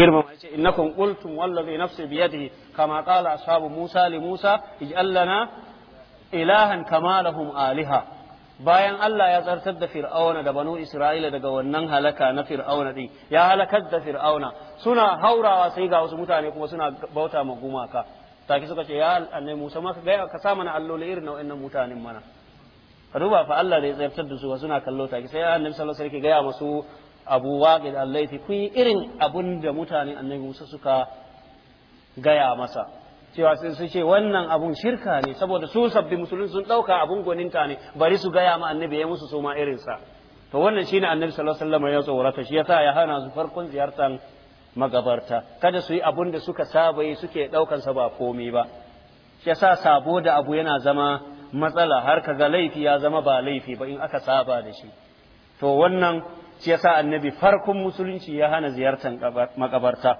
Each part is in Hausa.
girma yace innakum qultum wallazi nafsi biyadihi kama qala ashabu Musa li Musa ij'al lana ilahan kama lahum aliha bayan Allah ya tsartar da Fir'auna da banu Isra'ila daga wannan halaka na Fir'auna din ya halakar da Fir'auna suna haurawa sai ga wasu mutane kuma suna bauta ma gumaka take suka ce ya annai Musa ma ka ga ka sa mana alloli irin na wa'annan mutanen mana ka duba fa Allah da ya tsartar da su suna kallo take sai annabi sallallahu alaihi wasallam ya gaya masu abu waƙi da laythi ku yi irin abun da mutane annabi Musa suka gaya masa cewa sai su ce wannan abun shirka ne saboda su sabbi musulun sun ɗauka abun goninta ne bari su gaya ma annabi ya musu soma irinsa. to wannan shine annabi sallallahu alaihi wasallam ya tsorata shi yasa ya hana su farkon ziyartar magabarta kada su yi abun da suka saba yi suke daukan sa ba komai ba shi yasa sabo da abu yana zama matsala har ka ga laifi ya zama ba laifi ba in aka saba da shi to wannan shi yasa annabi farkon musulunci ya hana ziyartar makabarta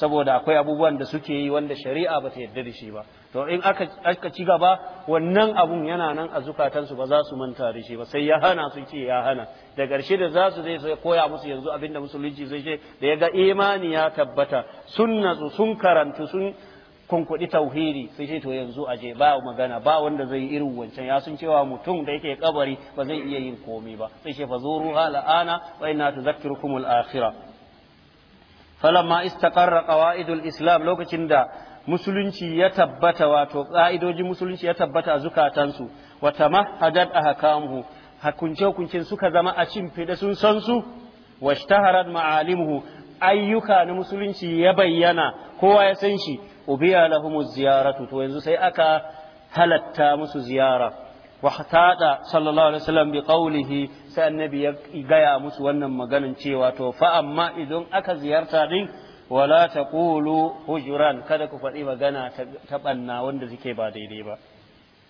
saboda akwai abubuwan da suke yi wanda shari'a ba ta yarda da shi ba to in aka aka ci gaba wannan abun yana nan a zukatansu ba za su manta da shi ba sai ya hana su ce ya hana da ƙarshe da za su zai koya musu yanzu abinda musulunci zai ce da ya ga imani ya tabbata sun natsu sun karantu sun kunkuɗi tauhidi sai ce to yanzu aje ba magana ba wanda zai irin wancan ya sun cewa mutum da yake kabari ba zai iya yin komai ba sai ce fa hala la'ana wa inna tudhakkirukum al falamma istaqarra qawaidul islam lokacin da musulunci ya tabbata wato ƙa'idojin musulunci ya tabbata a zukatansu wa a ahkamuhu hakunce hukuncin suka zama a cin fida sun san su washtaharat ma'alimuhu ayyuka na musulunci ya bayyana kowa ya san shi ubiya lahumu ziyaratu to yanzu sai aka halatta musu ziyara wahtada sallallahu alaihi wasallam bi qawlihi sai annabi ya gaya musu wannan maganin cewa to fa amma idan aka ziyarta din wala taqulu hujuran kada ku faɗi magana ta banna wanda suke ba daidai ba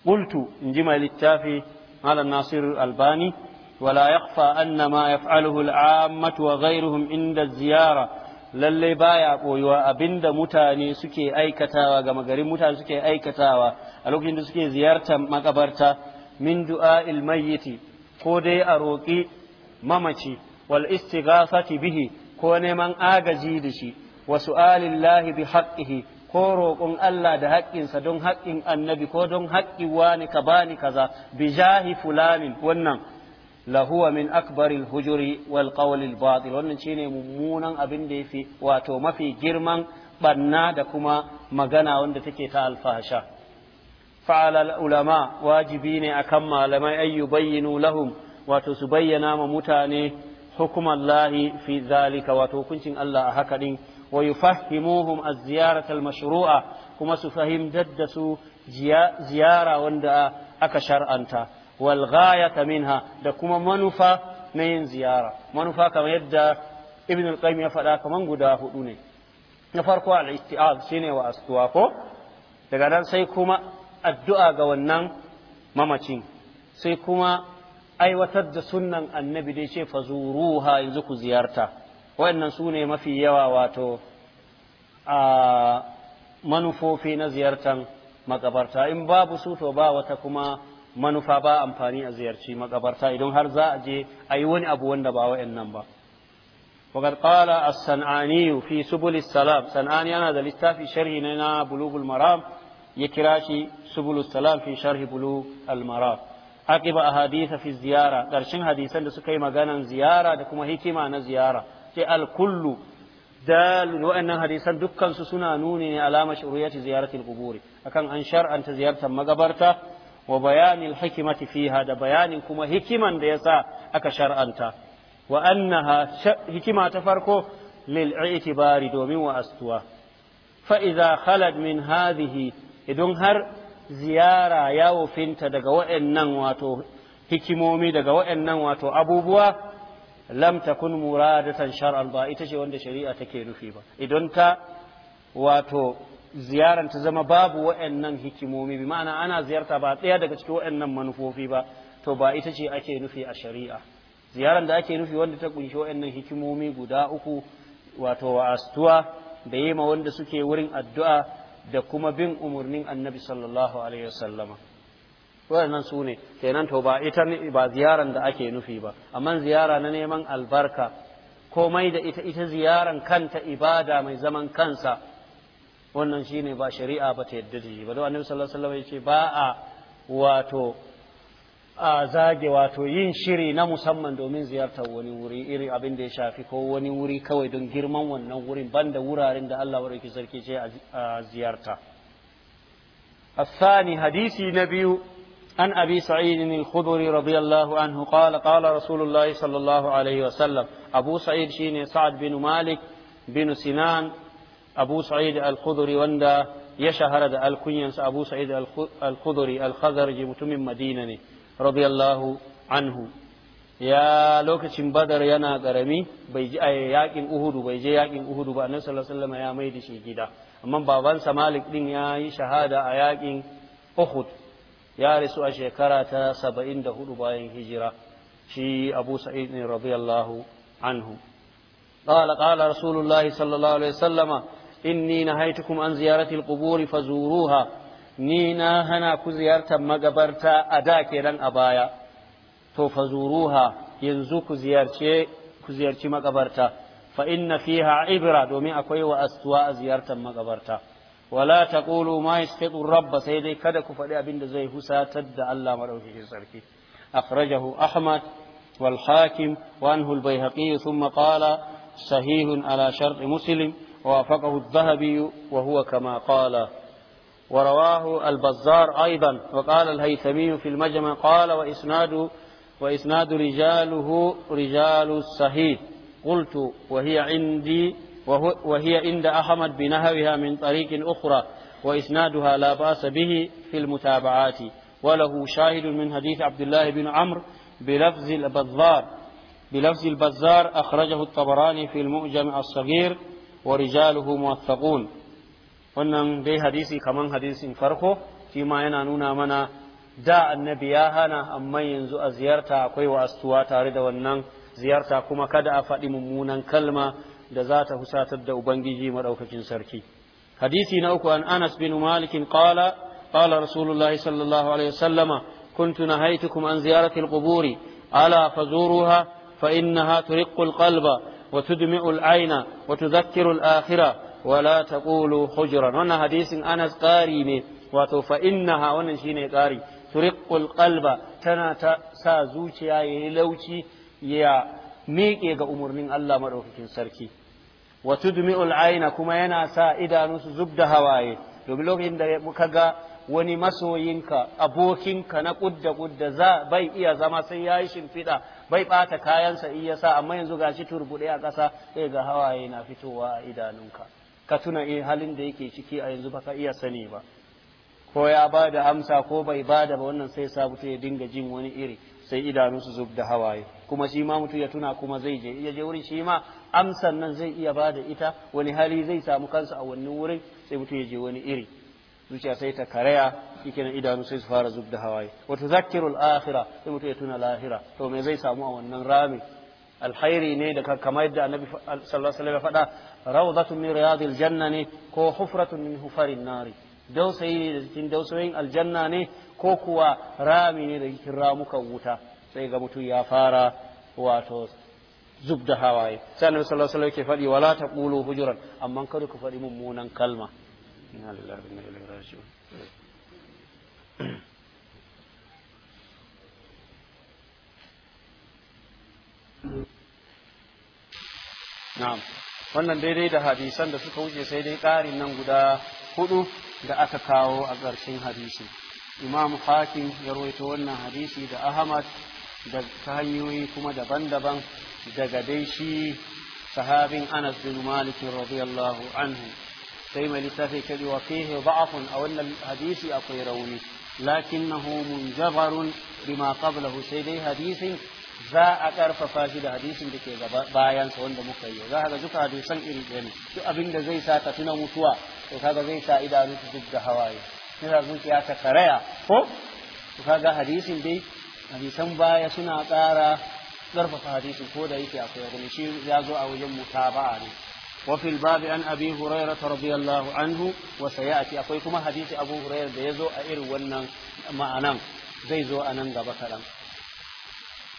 qultu inji mai littafi malam nasir albani ولا anna ma ما يفعله wa وغيرهم inda ziyara. lalle baya koyuwa abinda mutane suke aikatawa ga magarin mutane suke aikatawa a lokacin da suke ziyartar makabarta min du'a mayyiti ko dai a roƙi mamaci wal istighafati bihi ko neman agaji da shi wa su'alillahi bi haqqihi ko roƙon Allah da haƙƙinsa don haƙƙin annabi ko don haƙƙi wani ka bani kaza bi jahi fulanin wannan lahuwa min akbaril hujuri wal qawlil batil wannan shine mummunan abin da yafi wato mafi girman barna da kuma magana wanda take ta alfasha. fa'ala ulama wajibi ne akan malamai ayyu bayyinu lahum wato su bayyana ma mutane hukumallahi fi zalika wato hukuncin Allah a haka din wa yufahimuhum az-ziyarat al-mashru'a kuma su fahimtar da su ziyara wanda aka shar'anta wal ghayata minha da kuma manufa na yin ziyara manufa kamar yadda ibn al ya faɗa kaman guda hudu ne na farko al shine wa astuwa ko daga nan sai kuma addu'a ga wannan mamacin sai kuma aiwatar da sunnan annabi dai ce fazuruha yanzu ku ziyarta wayannan su ne mafi yawa wato a manufofi na ziyartar makabarta in babu su to ba wata kuma manufa ba amfani a ziyarci makabarta idan har za a je a yi wani abu wanda ba wa'in ba wakar kala a san'aniyu fi subulis salam san'ani yana da littafi sharhi na na bulugul maram ya kira shi subulus salam fi sharhi bulu al maram aqiba ahaditha fi ziyara karshen hadisan da suka yi maganan ziyara da kuma hikima na ziyara ce al da dal hadisan dukkansu suna nuni ne alama shuriyati ziyaratil quburi akan an shar'anta ziyartar magabarta wa bayanin hikimati fiha da bayanin kuma hikiman da yasa aka shar'anta wa annaha hikima ta farko lil i'tibari domin wa astuwa fa idza khalad min hadhihi idan har ziyara ya wofinta daga wa'annan wato hikimomi daga wa'annan wato abubuwa lam takun muradatan shar'an ba ita ce wanda shari'a take nufi ba idan ta wato ziyarar ta zama babu wa'annan hikimomi bi ma'ana ana ziyarta ba ɗaya daga cikin wa'annan manufofi ba to ba ita ce ake nufi a shari'a ziyaran da ake nufi wanda ta kunshi wa'annan hikimomi guda uku wato wa'astuwa da yi ma wanda suke wurin addu'a da kuma bin umarnin annabi sallallahu alaihi wasallama waɗannan su ne kenan to ba ita ba ziyaran da ake nufi ba amma ziyara na neman albarka komai da ita ita ziyaran kanta ibada mai zaman kansa wannan shine ba shari'a ba ta yadda da shi ba don annabi sallallahu alaihi wasallam ba a wato a zage wato yin shiri na musamman domin ziyartar wani wuri iri abin da ya shafi ko wani wuri kawai don girman wannan wurin banda wuraren da Allah warki sarki ce a ziyarta الثاني حديث نبي عن أبي سعيد الخضري رضي الله عنه قال قال رسول الله صلى الله عليه وسلم أبو سعيد شين سعد بن مالك بن سنان abu sa'id al-khudri wanda ya shahara da alkunyansa abu sa'id al-khudri al-khazarji mutumin madina ne radiyallahu anhu ya lokacin badar yana garami bai ji yaƙin uhudu bai je yaƙin uhudu ba annabi sallallahu alaihi wasallam ya mai da shi gida amma babansa malik din ya yi shahada a yaƙin uhud ya rasu a shekara ta 74 bayan hijira shi abu sa'id ne radiyallahu anhu قال قال رسول الله صلى الله عليه وسلم إني نهيتكم عن زيارة القبور فزوروها نينا هنا كزيارة مقبرتا أداك لن أبايا تو فزوروها ينزو كزيارتي كزيارتي مقبرتا فإن فيها عبرة دومي أكوي وأستواء زيارة مقبرتا ولا تقولوا ما يسقط الرب سيدي كدك فلي أبن زي هسا تد الله مروحي سركي أخرجه أحمد والحاكم وأنه البيهقي ثم قال صحيح على شرط مسلم وافقه الذهبي وهو كما قال ورواه البزار أيضا وقال الهيثمي في المجمع قال وإسناد وإسناد رجاله رجال الصحيح قلت وهي عندي وهي عند أحمد بنهوها من طريق أخرى وإسنادها لا بأس به في المتابعات وله شاهد من حديث عبد الله بن عمرو بلفظ البزار بلفظ البزار أخرجه الطبراني في المؤجم الصغير wa rijaluhu muwaththaqun wannan dai hadisi kaman hadisin farko shi ma yana nuna mana da annabi ya hana amma yanzu a ziyarta akwai wa'astuwa tare da wannan ziyarta kuma kada a faɗi mummunan kalma da za ta husatar da ubangiji maɗaukakin sarki hadisi na uku an anas bin malikin qala qala rasulullahi sallallahu alaihi wasallama kuntu nahaytukum an ziyarati alquburi ala fazuruha fa innaha turiqqu alqalba وتدمع العين وتذكر الآخرة ولا تقول خجرا وانا حديث أنس قاري من وتفإنها وانا شيني قاري ترق القلب تنا سازوشي يا لوشي يا ميكي أمور من الله مروفك سركي وتدمع العين كما ينا سائدا نسو زبد هواي domin lokacin da muka ga wani masoyinka abokinka na kudda kudda za bai iya zama sai yayi shimfiɗa bai ɓata kayansa in ya sa amma yanzu gashi turbuɗe a ƙasa sai ga hawaye na fitowa a idanunka ka tuna eh halin da yake ciki a yanzu baka iya sani ba ko ya ba da amsa ko bai ba da ba wannan sai sa mutum ya dinga jin wani iri sai idanunsu zub da hawaye kuma shi ma mutum ya tuna kuma zai je ya je wurin shi ma amsan nan zai iya bada ita wani hali zai samu kansa a wannan wurin sai mutu ya je wani iri zuciya sai ta karaya shike nan idanu sai su fara zub da hawaye wa tuzakkiru al-akhirah sai mutum ya tuna lahira to me zai samu a wannan rami alkhairi ne da kamar yadda annabi sallallahu alaihi wasallam ya faɗa rawdatun min riyadil janna ne ko hufratun min hufarin nari dausayi ne da cikin dausayin aljanna ne ko kuwa rami ne da cikin ramukan wuta sai ga mutum ya fara wato zub da hawaye sai annabi sallallahu alaihi wasallam ke faɗi wala taqulu hujuran amma kada ku faɗi mummunan kalma إنا wannan daidai da hadisan da suka wuce sai dai ƙarin nan guda hudu da aka kawo a ƙarshen hadisi imam hakim ya rawaito wannan hadisi da ahmad da ta hanyoyi kuma daban-daban daga dai shi sahabin anas bin malik radiyallahu anhu sai mai lissafi ce wa fihi da'afun a wannan hadisi akwai rauni lakinnahu munjabarun bima qablahu sai dai hadisin za a karfafa shi da hadisin da ke bayansa wanda muka yi za ga duka san iri ɗaya ne duk abin da zai sa ka tuna mutuwa to kaga zai sa idanu su duk da hawaye sai zuciya ta karaya ko to kaga hadisin dai hadisan baya suna ƙara ƙarfafa hadisin ko da yake akwai wani shi ya zo a wajen mutaba'a ne وفي الباب عن أبي هريرة رضي الله عنه وسيأتي أقولكم حديث أبو هريرة ديزو أئر ونن ما أنام ديزو أنن دبكرم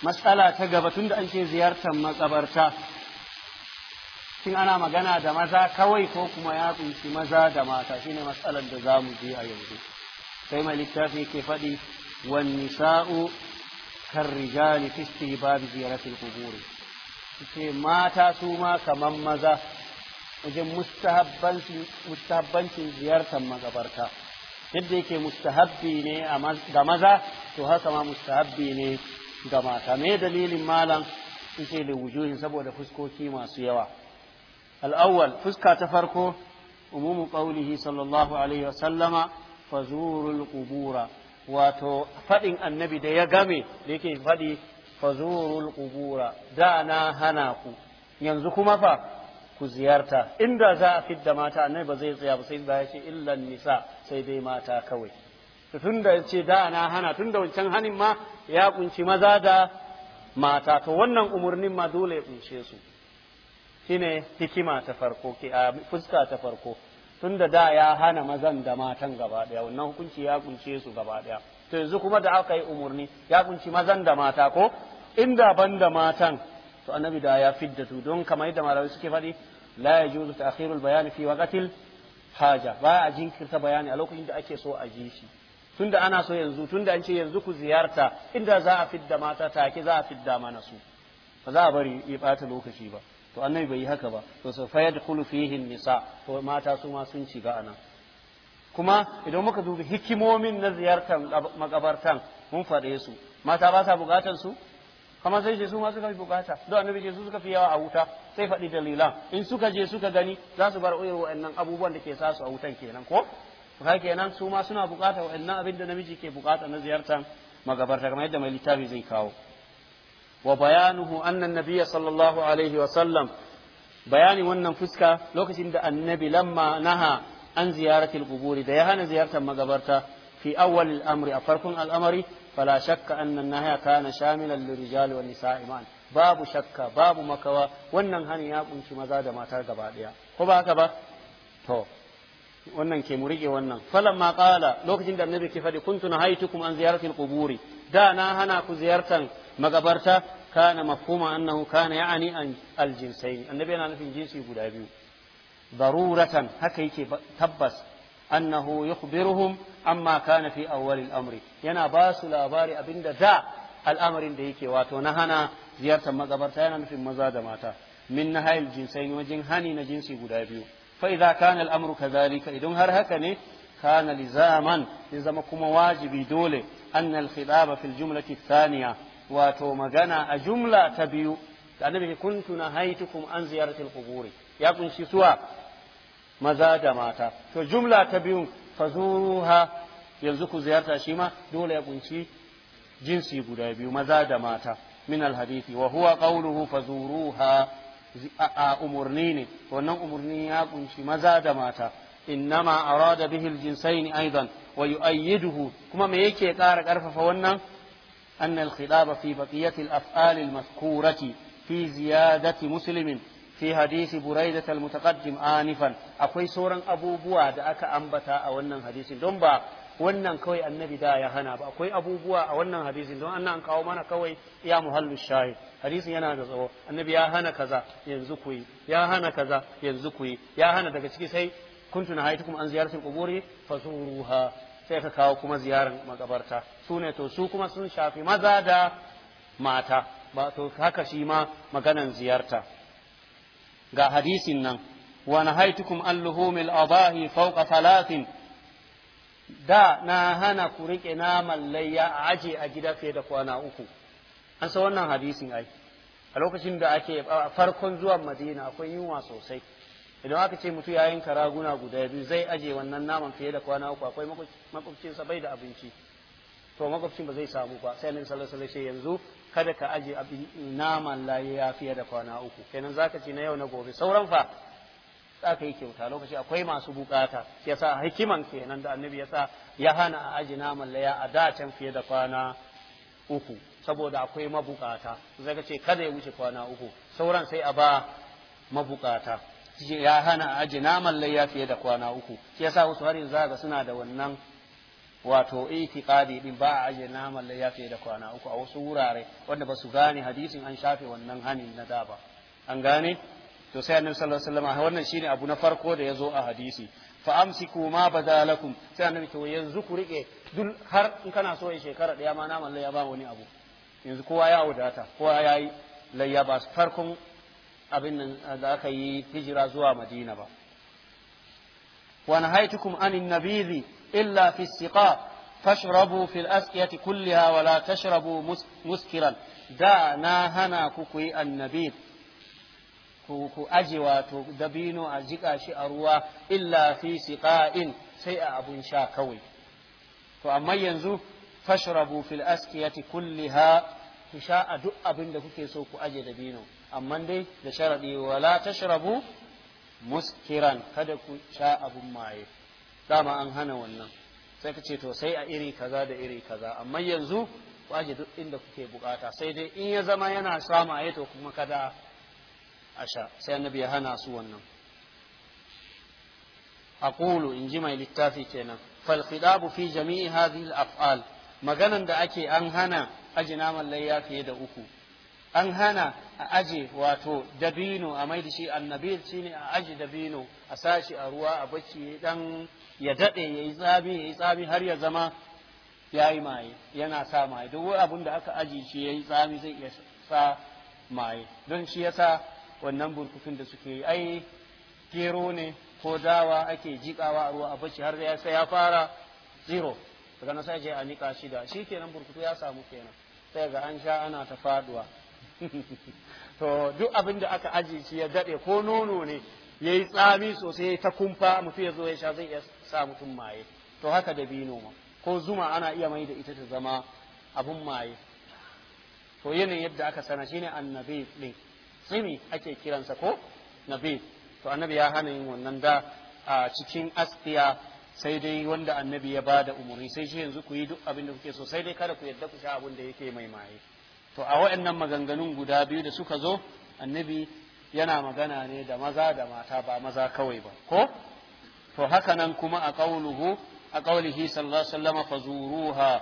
مسألة تقبتون دا أنشي زيارة ما قبرتا كن أنا مغانا دمزا كوي فوكما ياتم سمزا دماتا شين مسألة دزام دي أيوزي كيما لكتافي كفدي والنساء كالرجال في استيباب زيارة القبور كي ماتا سوما كمم مزا wajen mustahabbancin ziyartar magabarta yadda yake mustahabbi ne ga maza to haka ma mustahabbi ne ga mata me dalilin malam yace da wujuhin saboda fuskoki masu yawa al'awwal fuska ta farko umumu qaulihi sallallahu alaihi wasallama fazurul qubura wato fadin annabi da ya game da yake fadi fazurul qubura da na hana ku yanzu kuma fa ku ziyarta inda za a fidda mata annabi ba zai tsaya ba sai ba ya ce illan nisa sai dai mata kawai tun da ce da na hana tun da wancan hanin ma ya kunci maza da mata to wannan umarnin ma dole ya kunce su shine hikima ta farko ke a fuska ta farko tun da da ya hana mazan da matan gaba daya wannan hukunci ya kunce su gaba daya to yanzu kuma da aka yi umarni ya kunci mazan da mata ko inda ban da matan to annabi da ya fidda su don kamar da malamai suke faɗi la yajuzu ta'khirul bayani fi waqtil haja Baya a jinkirta bayani a lokacin da ake so a ji shi tunda ana so yanzu tunda an ce yanzu ku ziyarta inda za a fidda mata take za a fidda mana su ba za a bari ya bata lokaci ba to annabi bai yi haka ba to sai fa yadkhulu fihi nisa to mata su ma sun shiga anan kuma idan muka dubi hikimomin na ziyartar makabartan mun faɗe su mata ba sa bukatar su amma sai ce su ma suka fi bukata don annabi ce su suka fi yawa a wuta sai faɗi dalilan in suka je suka gani za su bar irin wa'annan abubuwan da ke sa su a wutan kenan ko ka kenan su ma suna bukata wa'annan abin da namiji ke bukata na ziyartar magabarta kamar yadda mai littafi zai kawo wa bayanuhu anna nabiyya sallallahu alaihi wa sallam bayani wannan fuska lokacin da annabi lamma naha an ziyaratil quburi da ya hana ziyartar magabarta fi awwal al-amri a farkon al'amari فلا شك أن النهي كان شاملا للرجال والنساء إيمان باب شك باب مكوى ونن هني يا بنت مزاد ما ترجع بعديا هو بقى كبا هو ونن كيموري ونن فلما قال لو كنت النبي كيف كنت نهايتكم عن زيارة القبور دا نهنا كزيارة مقبرتا كان مفهوما أنه كان يعني أن الجنسين النبي أنا في الجنس يقول أبيه ضرورة هكذا تبس أنه يخبرهم أما كان في أول الأمر ينا باس لابار أبند ذا الأمر ديك واتو نهنا زيارة مقبرتا في مزاد ماتا من نهاية الجنسين وجن هاني نجنسي قدابيو فإذا كان الأمر كذلك إذن هر هكني كان لزاما لزمكم واجبي دولي أن الخطاب في الجملة الثانية واتو مغانا أجملة تبيو النبي يعني كنت نهيتكم عن زيارة القبور يا كنت سوا maza da mata to jumla ta biyun fazuruha yanzu ku ziyarta shi ma dole ya kunci jinsi guda biyu maza da mata min alhadisi wa huwa qawluhu fazuruha a umurni ne wannan umurni ya kunshi maza da mata innama arada bihi aljinsayn aidan wa yu'ayyiduhu kuma me yake ƙara ƙarfafa wannan أن الخطاب في بقية الأفعال المذكورة في زيادة مسلم fi hadisi buraidat al-mutaqaddim anifan akwai sauran abubuwa da aka ambata a wannan don ba wannan kawai annabi da ya hana ba akwai abubuwa a wannan hadisin don annan kawo mana kawai ya muhallu shahid hadisin yana da tsawo annabi ya hana kaza yanzu ku yi ya hana kaza yanzu ku yi ya hana daga ciki sai kuntu nahaytukum an ziyaratil quburi fazuruha sai ka kawo kuma ziyarar makabarta su ne to su kuma sun shafi maza da mata ba to haka shi ma maganan ziyarta ga hadisin nan wa nahaitukum an luhumil adahi fawqa thalathin da na hana ku rike naman layya a aje a gida fiye da kwana uku an san wannan hadisin ai a lokacin da ake farkon zuwa madina akwai yunwa sosai idan aka ce mutu ya yanka raguna guda biyu zai aje wannan naman fiye da kwana uku akwai makwabcinsa bai da abinci to makwabcin ba zai samu ba sai nan sallallahu alaihi wasallam yanzu kada ka aje naman laye ya fiye da kwana uku kenan zaka ci na yau na gobe sauran fa zaka yi kyauta lokaci akwai masu bukata yasa hikiman kenan da annabi yasa ya hana a aje naman laye a da can fiye da kwana uku saboda akwai mabukata zaka ce kada ya wuce kwana uku sauran sai a ba mabukata ya hana a aje naman laye fiye da kwana uku yasa wasu har yanzu suna da wannan wato itiqadi din ba a ajiye naman ya fiye da kwana uku a wasu wurare wanda ba su gane hadisin an shafe wannan hanin na da ba an gane to sai annabi sallallahu alaihi wasallam ah, wannan shine abu na farko da yazo a hadisi fa amsiku ma badalakum sai annabi to yanzu ku rike duk har in kana so ya shekara daya ma naman ya ba wani abu yanzu kowa ya wadata kowa ya yi layya ba farkon abin nan da aka yi hijira zuwa madina ba ونهيتكم عن النبيذ إلا في السقاء فاشربوا في الأسقية كلها ولا تشربوا مسكرا دعنا هنا كوكوي النبيذ كوكو أجي واتو دبينو أجيك أشي أروى إلا في سقاء سيء أبو إنشاء كوي فأما ينزو فاشربوا في الأسقية كلها تشاء دؤ أبن دكوكي سوكو أجي دبينو أما دي ولا تشربوا muskiran kada ku sha abun maye dama an hana wannan sai ka ce to sai a iri kaza da iri kaza amma yanzu ku aje duk inda kuke bukata sai dai in ya zama yana sha maye to kuma kada a sha sai annabi ya hana su wannan aqulu in ji mai littafi kenan fal khidabu fi jami'i hadhihi al af'al maganan da ake an hana naman layya fiye da uku an hana a aje wato dabino a mai da shi shi ne a aje dabino a sashi a ruwa a bacci dan ya dade yayi tsami yayi tsami har ya zama yayi maye yana sa maye duk abin da aka aje shi yayi tsami zai iya sa maye don shi yasa wannan burkutun da suke yi ai gero ne ko dawa ake jikawa a ruwa a bacci har ya sai ya fara zero daga nan sai a nika shi da shi kenan burkutu ya samu kenan sai ga an sha ana ta faduwa to duk abin da aka ajiye shi ya daɗe ko nono ne ya yi tsami sosai ta kumfa mutum ya zo ya sha zai iya sa mutum maye to haka da bino ma ko zuma ana iya mai da ita ta zama abun maye to yanayin yadda aka sana shine annabi din tsimi ake kiransa ko nabi to annabi ya hana yin wannan da a cikin astiya sai dai wanda annabi ya ba da umarni sai shi yanzu ku yi duk abin da kuke so sai dai kada ku yadda ku sha abin da yake mai maye to a wa'annan maganganun guda biyu da suka zo annabi yana magana ne da maza da mata ba maza kawai ba ko to haka nan kuma a qauluhu a qaulihi sallallahu alaihi wasallam fazuruha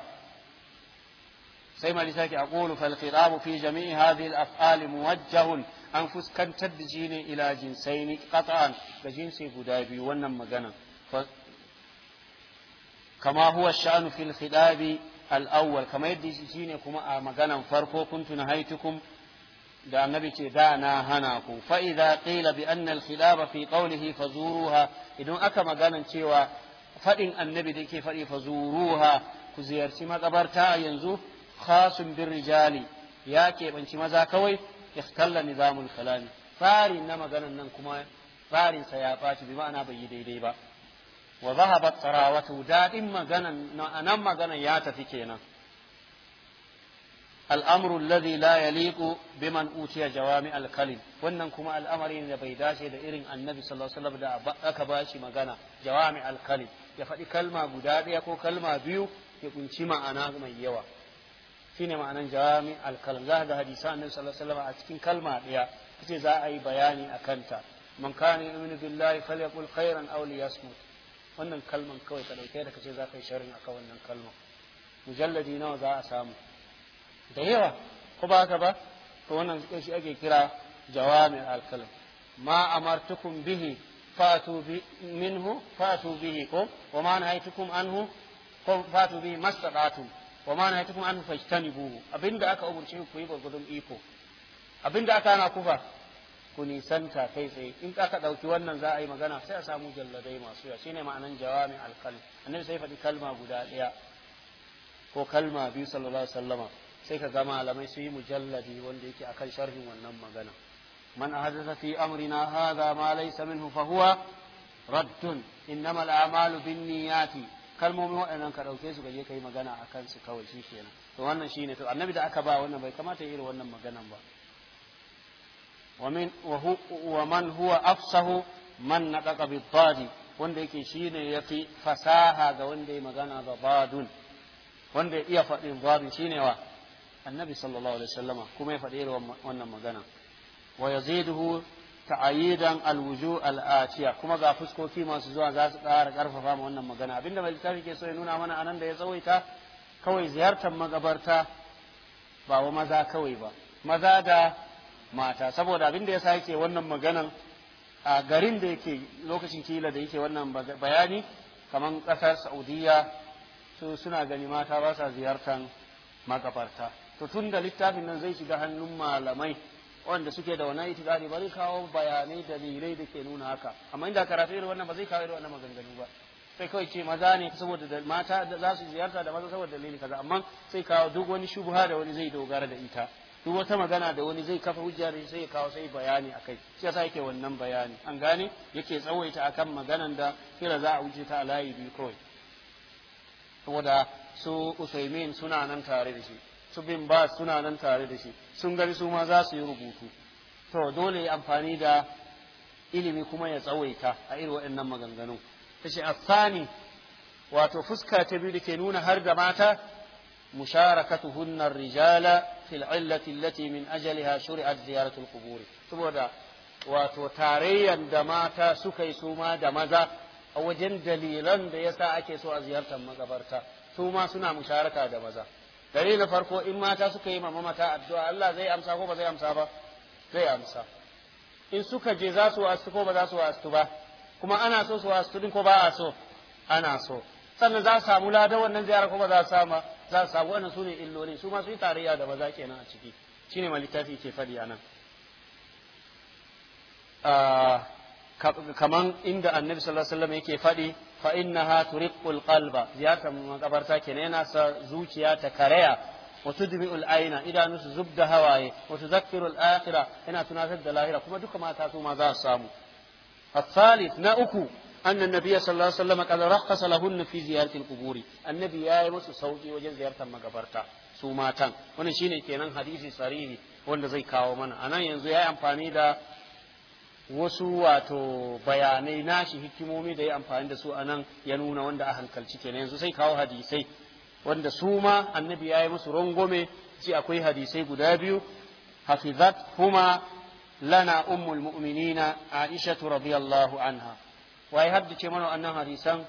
sai ma lisaki a qulu fal khitabu fi jami'i hadhihi al af'al muwajjahun an fuskantar da jini ila jinsaini qat'an ga jinsi guda biyu wannan magana kama huwa sha'nu fil khitabi al'awwal kamar yadda shi ne kuma a maganan farko kuntu nahaitukum da annabi ce da na hana ku fa'iza ƙila bi anna al khilaba fi fazuruha idan aka maganan cewa faɗin annabi da faɗi fa fazuruha ku ziyarci makabarta yanzu khasun birijali rijali ya keɓanci maza kawai ikhtalla nizamul kalami tsarin na maganan nan kuma tsarin sa ya ɓaci bi ma'ana bai yi daidai ba وذهبت طراوته داد إما جنا أنما جنا ياتفكينا الأمر الذي لا يليق بمن أوتي جوامع الكلم وننكم الأمرين لبيداشي دائرين النبي صلى الله عليه وسلم أكباشي مغانا جوامع الكلم يفعل كلمة بداد يكو كلمة بيو يكون شما أنا من يوا فين معنى جوامع الكلم ذا هذا حديثان النبي صلى الله عليه وسلم أتكين كلمة يا كتزا أي بياني أكنت من كان يؤمن بالله فليقل خيرا أو ليصمت wannan kalman kawai ka dauke da kace za ka yi a akan wannan kalman mujalladi nawa za a samu da yawa ko ba haka ba to wannan shi ake kira jawami al-kalam ma amartukum bihi fatu bi minhu fatu bihi ko wa ma nahaytukum anhu ko fatu bihi mastata'tum wa ma nahaytukum anhu fajtanibuhu abinda aka umurce ku yi gudun iko abinda aka hana kufa. ku nisanta kai tsaye in ka ɗauki wannan za a yi magana sai a samu jalladai masu yawa shine ma'anan jawami alkal annabi sai faɗi kalma guda ɗaya ko kalma biyu sallallahu alaihi wasallama sai ka ga malamai su yi mujalladi wanda yake akan sharhin wannan magana man ahdatha fi amrina hadha ma laysa minhu fa huwa raddun innamal a'malu binniyati kalmomin waɗannan ka ɗauke su gaje ka yi magana a kansu kawai shi kenan to wannan shine to annabi da aka ba wannan bai kamata yi irin wannan maganan ba ومن وهو ومن هو أفصه من نطق بالضاد wanda yake shi ne ya fi fasaha ga wanda ya magana ga badun wanda ya iya faɗin badun ne wa annabi sallallahu alaihi wasallama kuma ya faɗi wannan magana wa ya yaziduhu ta'ayidan alwuju al'atiya kuma ga fuskoki masu zuwa za su ƙara ƙarfafa ma wannan magana abinda mai littafi ke so ya nuna mana anan da ya tsawaita kawai ziyartar magabarta ba wa maza kawai ba maza da mata saboda abin da ya yake wannan maganan a garin da yake lokacin kila da yake wannan bayani kamar kasar Saudiya su suna gani mata ba sa ziyartan makabarta to tun da littafin nan zai shiga hannun malamai wanda suke da wani itikadi bari kawo bayanai dalilai da ke nuna haka amma inda karatu irin wannan ba zai kawo irin wannan maganganu ba sai kawai ce maza ne saboda da mata za su ziyarta da maza saboda dalili kaza amma sai kawo duk wani shubha da wani zai dogara da ita duk wata magana da wani zai kafa hujja da sai ya kawo sai bayani akai shi yasa yake wannan bayani an gane yake tsawaita akan maganan da kira za a wuce ta a layi biyu kawai saboda su usaimin suna nan tare da shi su bin ba suna nan tare da shi sun gani su ma za su yi rubutu to dole amfani da ilimi kuma ya tsawaita a irin waɗannan maganganun tashi asani wato fuska ta biyu da ke nuna har da mata musharakatuhunna rijala fil illati allati min ajaliha shuri'at ziyaratul kuburi. saboda wato tarayyan da mata suka suma da maza a wajen dalilan da yasa ake so a ziyartar magabarta su ma suna musharaka da maza dare na farko in mata suka yi ma Allah zai amsa ko ba zai amsa ba zai amsa in suka je za su wasu ko ba za su wasu ba kuma ana so su din ko so ana so sannan za su samu lada wannan ziyara ko ba za su sama za su samu wannan sune illolin su masu su yi tarayya da maza kenan a ciki shine ne littafi ke a anan kaman inda annabi sallallahu alaihi yake faɗi fa ha turiqqul qalba ziyartar makabarta kenan yana sa zuciya ta karaya wa tudmi'ul aina idanu su zubda hawaye wa tuzakkirul akhirah yana tunatar da lahira kuma duka mata su ma za su samu الثالث na uku أن النبي صلى الله عليه وسلم قد رخص لهن في زيارة القبور النبي يا يمس سوجي وجن زيارة مقبرتا su matan wannan shine kenan hadisi sarihi wanda zai kawo mana anan yanzu ya yi amfani da wasu wato bayanai nashi hikimomi da ya amfani da su anan ya nuna wanda a hankalci kenan yanzu sai kawo hadisai wanda su ma annabi ya yi musu rangome sai akwai hadisai guda biyu hafizat huma lana ummul mu'minina aisha radiyallahu anha wa ya haddace mana wannan hadisan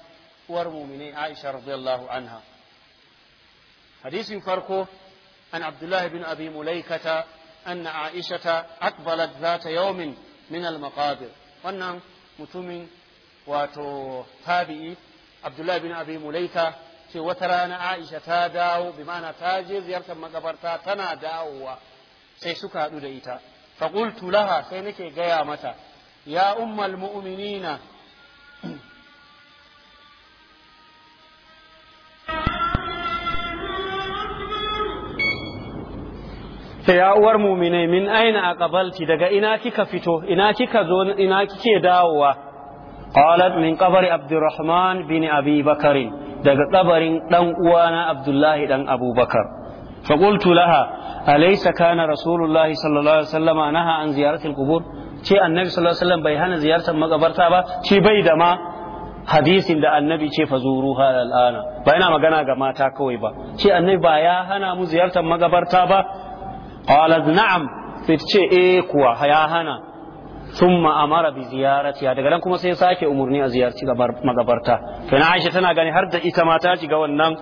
uwar mu'minai Aisha radiyallahu anha hadisin farko an Abdullah bin Abi Mulaikata anna Aisha aqbalat zata yawmin min al-maqabir wannan mutumin wato tabi'i Abdullah bin Abi Mulaika ce wata rana Aisha ta dawo bi ma'ana ta je ziyartar makabarta tana dawowa sai suka haɗu da ita faqultu laha sai nake gaya mata ya ummal mu'minina sai ya uwar muminai min aina a aqbalti daga ina kika fito ina kika zo ina kike dawowa qalat min qabri abdurrahman bin abi bakr daga kabarin dan uwana abdullahi dan abubakar fa qultu laha alaysa kana rasulullahi sallallahu alaihi wasallam naha an ziyarati alqubur ce annabi sallallahu alaihi wasallam bai hana ziyartar makabarta ba ce bai da ma hadisin da annabi ce fa zuruha al'ana ba yana magana ga mata kawai ba ce annabi ba ya hana mu ziyartar makabarta ba qalat na'am sai ta ce eh kuwa ya hana thumma amara bi ziyaratiha daga nan kuma sai sake umurni a ziyarci magabarta to na Aisha tana gani har da ita ma ta shiga wannan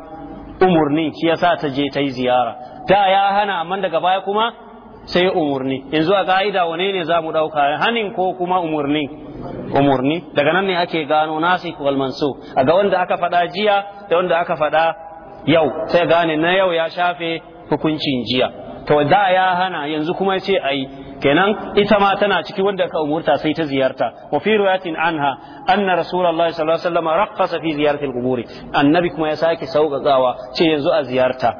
umurni shi yasa ta je ta yi ziyara da ya hana amma daga baya kuma sai umurni yanzu a ka'ida wane ne za mu ɗauka hanin ko kuma umurni umurni daga nan ne ake gano nasi wal so? a ga wanda aka faɗa jiya da wanda aka faɗa yau sai gane na yau ya shafe hukuncin jiya to da ya hana yanzu kuma ya ce ai kenan ita ma tana ciki wanda ka umurta sai ta ziyarta wa fi riwayatin anha anna rasulullahi sallallahu alaihi wasallam raqqasa fi ziyarati al annabi kuma ya sake sauƙaƙawa ce yanzu a ziyarta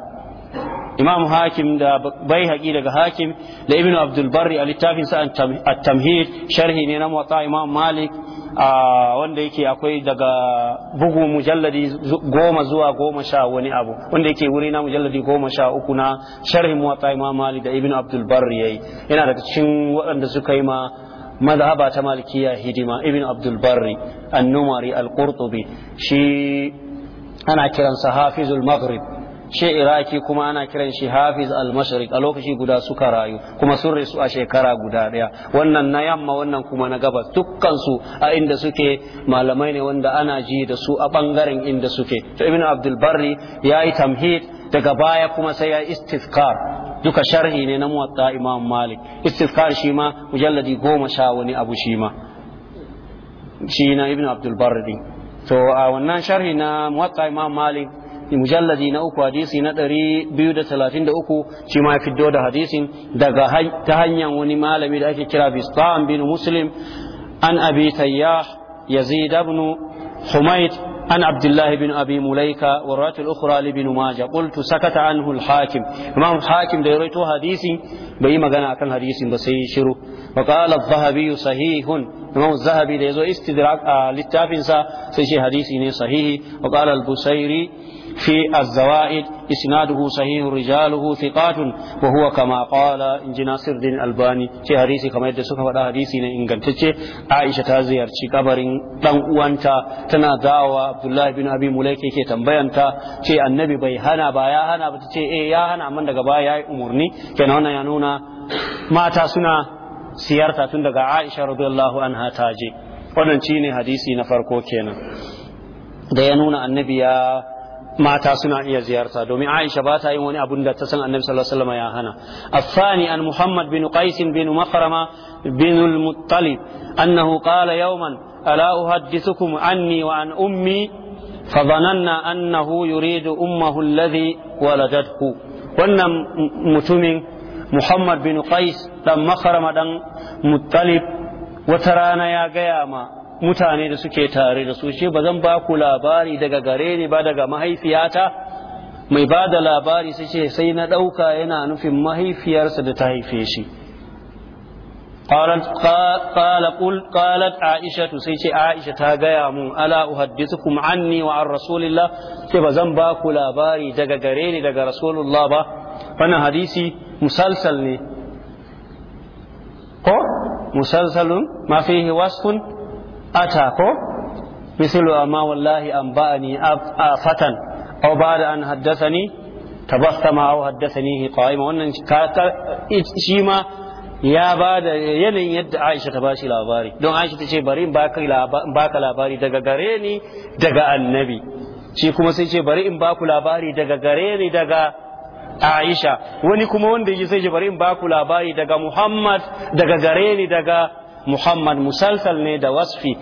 imam hakim da bai haƙi daga hakim da ibn abdulbarri a littafin sa at-tamhid sharhi ne na muwatta imam malik wanda yake akwai daga bugu mujalladi goma zuwa goma sha wani abu wanda yake wuri na mujalladi goma sha uku na sharhin muwatta imam malik da ibn abdulbarri yayi yana daga cikin waɗanda suka yi ma mazhaba ta malikiya hidima ibn abdulbarri annumari al-qurtubi shi ana kiransa hafizul maghrib shi iraki kuma ana kiran shi hafiz al-mashriq a lokaci guda suka rayu kuma sun rasu a shekara guda daya wannan na yamma wannan kuma na gabas dukkan su a inda suke malamai ne wanda ana ji da su a bangaren inda suke to ibnu abdul barri yayi tamhid daga baya kuma sai ya istifkar duka sharhi ne na muwatta imam malik istifkar shi ma mujalladi goma sha wani abu shi ma shi na ibnu abdul barri to a wannan sharhi na muwatta imam malik mujalladi na uku hadisi na ɗari biyu da talatin da uku shi ma da hadisin daga ta hanyar wani malami da ake kira bistan bin muslim an abi tayya yazid ibn an abdullahi bin abi mulaika wa bin maja qultu sakata anhu al hakim imam hakim da yaro hadisi bai magana akan hadisin ba sai shiru wa qala adh-dhahabi sahihun imam adh-dhahabi da yazo istidrak a littafinsa sai shi hadisi ne sahihi wa qala busairi في الزوائد إسناده صحيح رجاله ثقات وهو كما قال إن جنا الدين الباني في حديث كما يدسوك فدا حديثي نإنغان تجي عائشة تازيار شكابر تنقوانتا تناداوى عبد الله بن أبي مليكي كي تنبيانتا شيء النبي بيهانا بايهانا بتشي إيه ياهانا من دقا بايهاي أمورني كان هنا ينونا ما تاسنا سيارتا تندقى عائشة رضي الله عنها تاجي wannan shine hadisi na farko kenan da ya nuna annabi mata suna iya ziyarta domin Aisha ba ta yin wani abun da ta san Annabi sallallahu alaihi wasallam ya hana afani an Muhammad bin Qais bin Makrama bin al-Muttalib annahu qala yawman ala uhaddithukum anni wa an ummi fadananna annahu yuridu ummahu alladhi waladathu wannan mutumin Muhammad bin Qais dan Makrama dan Muttalib wata rana ya gaya ma mutane da suke tare da su ce ba zan ba ku labari daga gare ni ba daga mahaifiyata mai ba da labari sai sai na ɗauka yana nufin mahaifiyarsa da ta haife shi qalat aisha sai ce aisha ta gaya mun ala uhaddithukum anni wa an rasulillah ce ba zan ba ku labari daga gare ni daga rasulullah ba wannan hadisi musalsal ne ko musalsalun ma fihi ata ko misalu amma wallahi an ba'ani afatan aw ba'da an haddathani tabassama aw haddathanihi qa'ima wannan shi ma ya ba da yanayin yadda Aisha ta bashi labari don Aisha ta ce bari in baka labari daga gare ni daga annabi shi kuma sai ce bari in baku labari daga gare ni daga Aisha wani kuma wanda yake sai ce bari in baku labari daga Muhammad daga gare ni daga muhammad musalsal ne da wasfi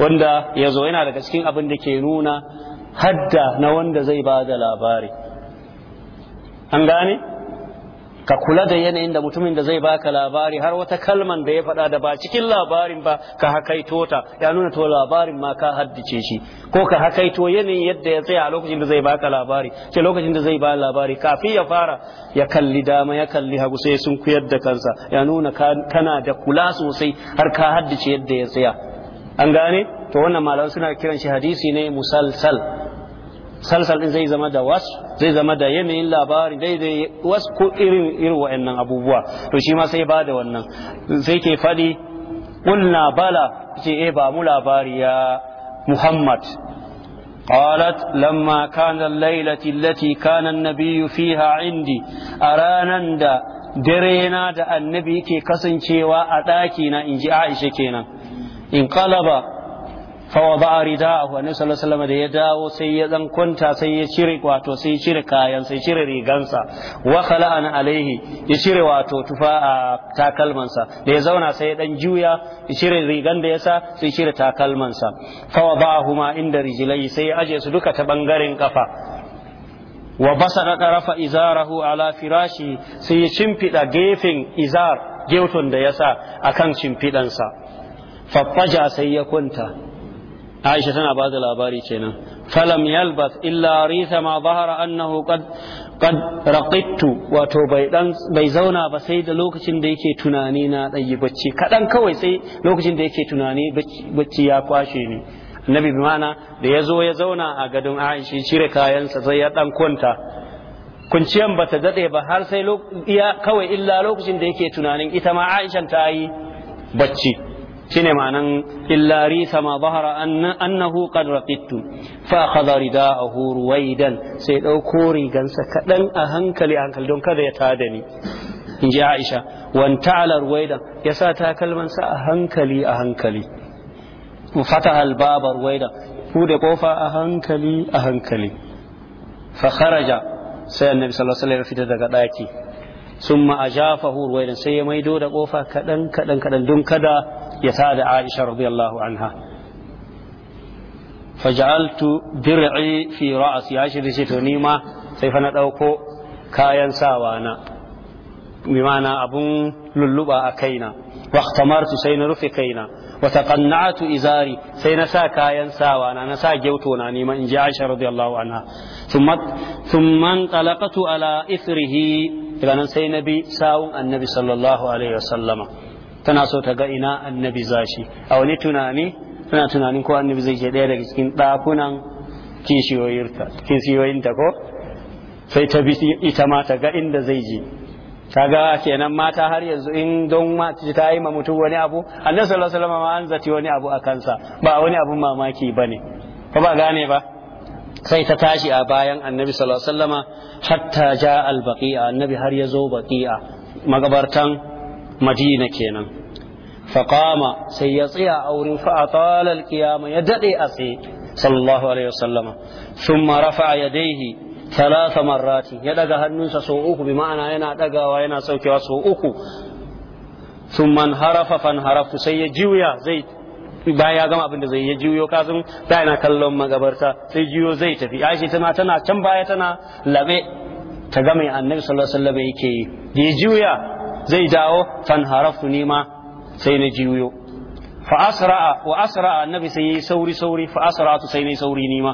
wanda ya zo yana daga cikin abin da ke nuna hadda na wanda zai ba da labari an gane ka kula da yanayin da mutumin da zai baka labari har wata kalman da ya faɗa da ba cikin labarin ba ka hakaito ta ya nuna to labarin ma ka haddace shi ko ka hakaito yanayin yadda ya tsaya a lokacin da zai baka labari ce lokacin da zai ba labari kafin ya fara ya kalli dama ya kalli hagu sai sun kuyar da kansa ya nuna kana da kula sosai har ka haddace yadda ya tsaya an gane to wannan malaman suna kiran shi hadisi ne musalsal salsal din zai zama da was zai zama da yanayin labarin daidai was ko irin irin wa'annan abubuwa to shi ma sai ba da wannan sai ke faɗi kulna bala ce eh ba mu labari ya muhammad قالت لما كان الليلة التي كان النبي فيها عندي أرانا دا درينا دا النبي كي ɗakina شيوا أتاكينا إن جاء شكينا انقلب fawa ba a rida a salasalama da ya dawo sai ya dan kwanta sai ya cire wato sai ya cire kayan sai cire rigansa wa alaihi ya cire wato tufa a takalmansa da ya zauna sai ya dan juya ya cire rigan da ya sa sai ya cire takalmansa fawa ba huma inda rijilai sai ya aje su duka ta bangaren kafa wa basara tarafa izarahu ala firashi sai ya cimfida gefen izar gefen da ya sa akan cimfidansa faffaja sai ya kwanta Aisha tana bada da labari kenan falam yalbas illa risa ma bahara annahu wato bai zauna ba sai da lokacin da yake tunani na dai bacci kadan kawai sai lokacin da yake tunani bacci ya kwashe ni annabi bi mana da ya zo ya zauna a gadon Aisha cire kayansa sai ya dan kwanta kunciyan bata dade ba har sai kawai illa lokacin da yake tunanin ita ma Aisha ta yi bacci shine ma'anan illa risa ma zahara annahu qad raqittu fa akhadha rida'ahu ruwaidan sai dauko rigansa kadan a hankali a hankali don kada ya tada ni in ji Aisha wanta ala ruwaidan ya sa takalmansa a hankali a hankali fata albaba ruwaidan bude kofa a hankali a hankali fa kharaja sai annabi sallallahu alaihi wasallam ya fita daga daki summa ajafahu ruwaidan sai ya maido da kofa kadan kadan kadan don kada yasa da Aisha radiyallahu anha faj'altu dir'i fi ra'si ya shirye ce ni ma sai fa na dauko kayan sawa na bimana abun lulluba a kaina waqtamartu sai na rufe kaina wa taqanna'tu izari sai na sa kayan sawa na na sa gyauto na neman in ji Aisha radiyallahu anha thumma thumma talaqatu ala ithrihi daga nan sai nabi sawun annabi sallallahu alaihi wasallama tana so ta ga ina annabi zashi a wani tunani tana tunanin ko annabi zai je ɗaya daga cikin ɗakunan kishiyoyinta ko sai ta bi ita ma ta ga inda zai je ga kenan mata har yanzu in don mata ta yi ma mutum wani abu annabi sallallahu alaihi wasallam an zati wani abu a kansa ba wani abun mamaki bane ko ba gane ba sai ta tashi a bayan annabi sallallahu alaihi wasallama hatta ja al baqi'a annabi har ya zo baqi'a magabartan madina kenan faƙama sai ya tsaya a wurin fa atalal qiyama ya dade a tsaye sallallahu alaihi wasallama thumma talata marrati ya مرات hannunsa sau uku اوكو ma'ana yana dagawa yana saukewa sau uku Sun ثم انحرف فانحرف sai ya juya zai bayan ya gama abin da zai ya juyo kazin da yana kallon magabarta sai juyo zai tafi aisha tana tana can baya tana labe ta ga mai annabi sallallahu alaihi wasallam yake da ya juya zai dawo fanharaftu nima sai na jiyo fa asra'a wa asra'a annabi sai yayi sauri sauri fa asra'atu sai ne sauri nima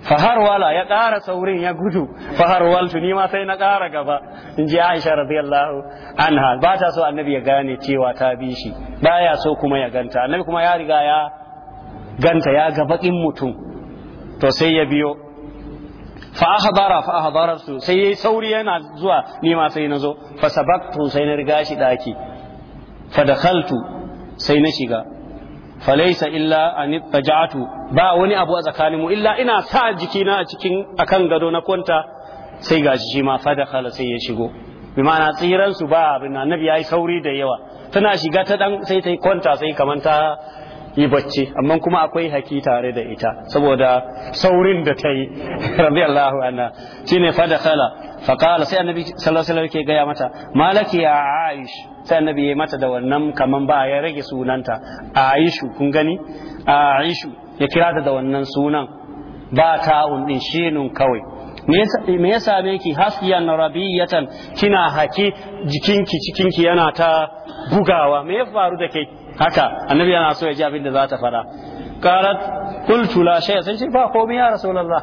fa harwala ya ƙara saurin ya gudu fa harwaltu nima sai na ƙara gaba in ji Aisha radiyallahu anha ba ta so annabi ya gane cewa ta bi shi baya so kuma ya ganta annabi kuma ya riga ya ganta ya ga bakin mutum to sai ya biyo fa ahbara fa su sai yayi sauri yana zuwa ni ma sai nazo fa sabaqtu sai na riga shi daki fa dakhaltu sai na shiga Fa laysa illa an tajatu ba wani abu a tsakaninmu illa ina sa jikina a cikin akan gado na kwanta sai gashi shi ma fa dakhala sai ya shigo bi ma'ana tsiran su ba abin annabi yayi sauri da yawa tana shiga ta dan sai ta kwanta sai kamar ta yi bacci amma kuma akwai haki tare da ita saboda saurin da ta yi radiyallahu anha ne fa dakhala fa qala sai annabi sallallahu alaihi wasallam ke gaya mata malaki ya aish sai annabi ya mata da wannan kaman ba ya rage sunanta aishu kun gani aishu ya kira ta da wannan sunan ba ta din shinun kawai me ya same ki hasyan rabiyatan kina haki jikinki cikinki yana ta bugawa me ya faru da kai haka annabi yana so ya ji abin da za ta fara qalat qultu la shay sun ce ba komai ya rasulullah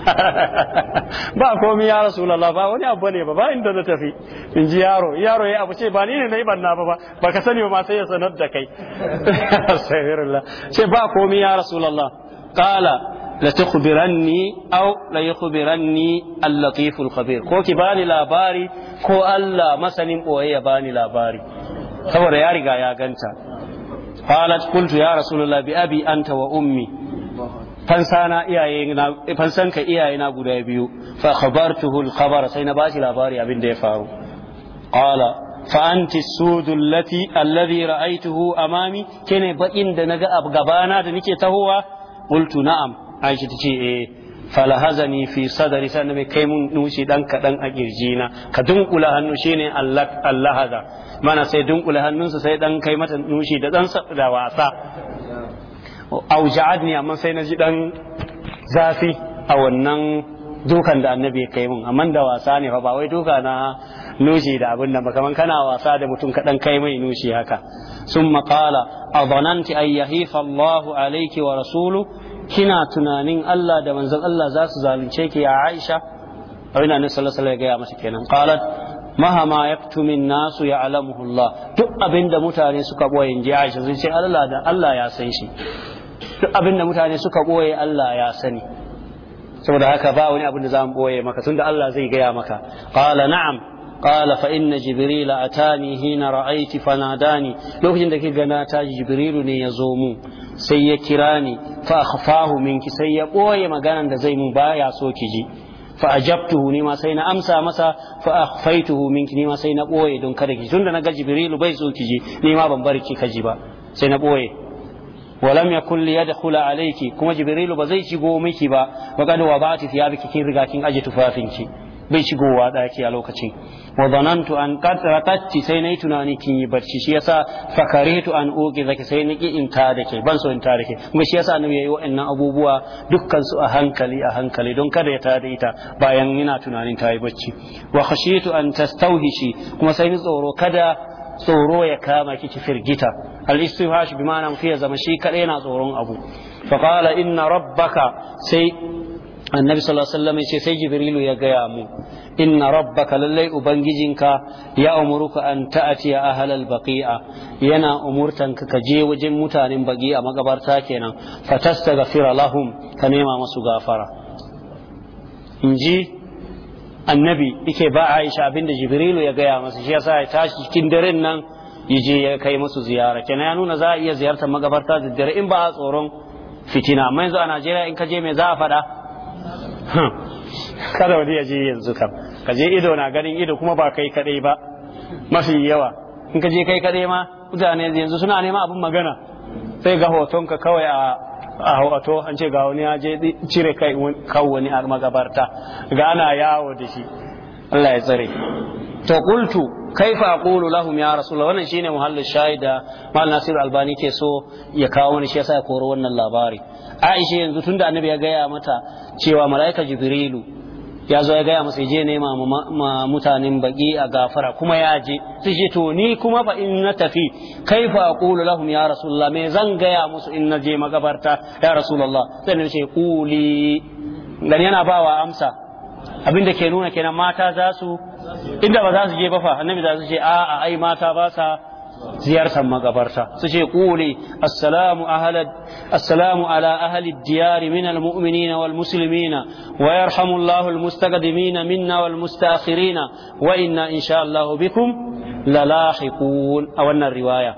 ba komai ya rasulullah ba wani abu ne ba ba inda na tafi in ji yaro yaro ya abu ce ba ni ne nayi banna ba ba ka sani ba sai ya sanar da kai astaghfirullah ce ba komai ya rasulullah qala la tukhbiranni aw la yukhbiranni al-latif al-khabir ko ki bani labari ko Allah masanin boye ya bani labari saboda ya riga ya ganta qalat qultu ya rasulullah bi abi anta wa ummi fansana iyaye na fansanka iyaye na guda biyu fa khabartuhu al khabara sai na bashi labari abin da ya faru qala fa anti sudu allati alladhi ra'aytuhu amami kene bakin da naga a gabana da nake tahowa qultu na'am aisha tace eh falahazani fi sadari sannan mai kai mun nushi dan kadan a na ka dunkula hannu shine Allah allahaza mana sai dunkula hannunsa sai dan kai mata nushi da dan da wasa au ja'adni amma sai na ji dan zafi a wannan dukan da annabi kai mun amma da wasa ne fa ba wai duka na nushi da abin nan ba kaman kana wasa da mutum kadan kai mai nushi haka summa qala adananti ay yahifa Allahu alayki wa rasuluhu kina tunanin Allah da manzon Allah za su zalunce ki ya Aisha abin annabi sallallahu alaihi wasallam ya masa kenan qalat mahama min nasu ya alamuhu Allah duk abinda mutane suka boye ji Aisha sun ce Allah da Allah ya san shi duk abinda mutane suka boye Allah ya sani saboda haka ba wani abin da za mu boye maka tunda Allah zai gaya maka qala na'am قال فإن جبريل أتاني هنا رأيت فناداني لو كنت كي قناتا جبريل يزومو سي كراني فأخفاه منك سي قوي مغانا دزي مبايا سوكجي فأجبته نما سينا أمسى مسا فأخفيته منك نما سينا قوي دون كاركي كدكي تندنا جبريل بي بيسوكجي نما بمباركي كجبا سينا قوي ولم يكن ليدخل عليك كما جبريل بزي شيغو با وقد وضعت ثيابك كين رغا كين اجي bai shigowa daki a lokacin wa zanantu an qad sai nayi tunani kin yi barci shi yasa fakaritu an uki zaki sai niki in ta da ke ban so in ta da ke kuma shi yasa annabi yayi wa'annan abubuwa dukkan su a hankali a hankali don kada ya ta ita bayan ina tunanin ta yi barci wa khashitu an tastawhishi kuma sai ni tsoro kada tsoro ya kama ki firgita al istihash bi ma'ana ya zama shi kadai yana tsoron abu fa qala inna rabbaka sai annabi sallallahu alaihi wasallam sai jibrilu ya gaya mu inna rabbaka lallai ubangijinka ya umuruka an ta'atiya ahlal baqi'a yana umurtan ka je wajen mutanen baqi'a magabarta kenan fatastaghfira lahum ka nema masu gafara inji annabi yake ba Aisha abinda jibrilu ya gaya masa shi yasa ya tashi cikin daren nan yaje ya kai musu ziyara kenan ya nuna za a iya ziyartar magabarta da dare in ba a tsoron fitina amma yanzu a Najeriya in ka je me za a faɗa Hmm. kada wani ya je yanzu kam ka je ido na ganin ido kuma ba kai kadai ba mafi yawa in ka je kai kadai ma mutane yanzu suna neman abin magana sai ga hoton ka kawai a a wato an ce ga wani ya je cire kai kawo wani a magabarta ga ana yawo da shi Allah ya tsare to qultu kaifa aqulu lahum ya rasulullah wannan shine muhallin shaida mal nasir albani ke so ya kawo wani shi yasa ya koro wannan labari aisha yanzu tunda annabi ya gaya mata cewa malaika jibrilu ya zo ya gaya masa je nema ma mutanen baki a gafara kuma ya je su to ni kuma fa in na tafi kaifa aqulu lahum ya rasulullah me zan gaya musu in na je magabarta ya rasulullah sai ne ce quli dan yana bawa amsa abin da ke nuna kenan mata za su inda ba za su je ba fa annabi za su ce a a ai mata ba sa ziyartar magabarta su ce quli assalamu assalamu ala ahli diyar min almu'minina wal muslimina wa yarhamu Allah almustaqdimin minna wal mustaakhirin wa inna insha Allah bikum lahiqun a wannan riwaya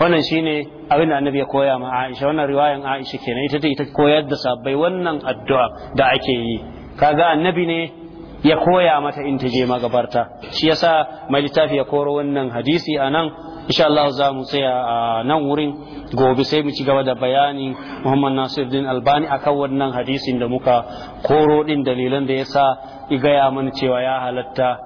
wannan shine abin da annabi ya koya ma Aisha wannan riwayan Aisha kenan ita ta koyar da sabbai wannan addu'a da ake yi kaga annabi ne ya koya mata in ta je magabarta shi yasa mai littafi ya koro wannan hadisi a nan insha Allah za mu tsaya a nan wurin gobe sai mu ci gaba da bayani Muhammad Nasiruddin Albani akan wannan hadisin da muka koro din dalilan da yasa igaya mana cewa ya halatta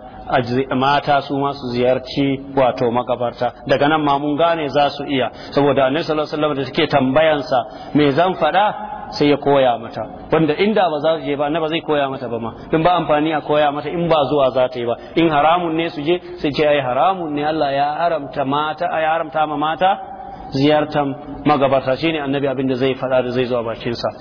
mata su ma su ziyarci wato makabarta daga nan ma mun gane za su iya saboda annabi sallallahu alaihi wasallam da take tambayansa me zan faɗa sai ya koya mata wanda inda ba za su je ba na ba zai koya mata ba ma in ba amfani a koya mata in ba zuwa za ta yi ba in haramun ne su je sai ce ai haramun ne Allah ya haramta mata ya haramta ma mata ziyartar magabata shine annabi abin da zai faɗa da zai zo a bakin sa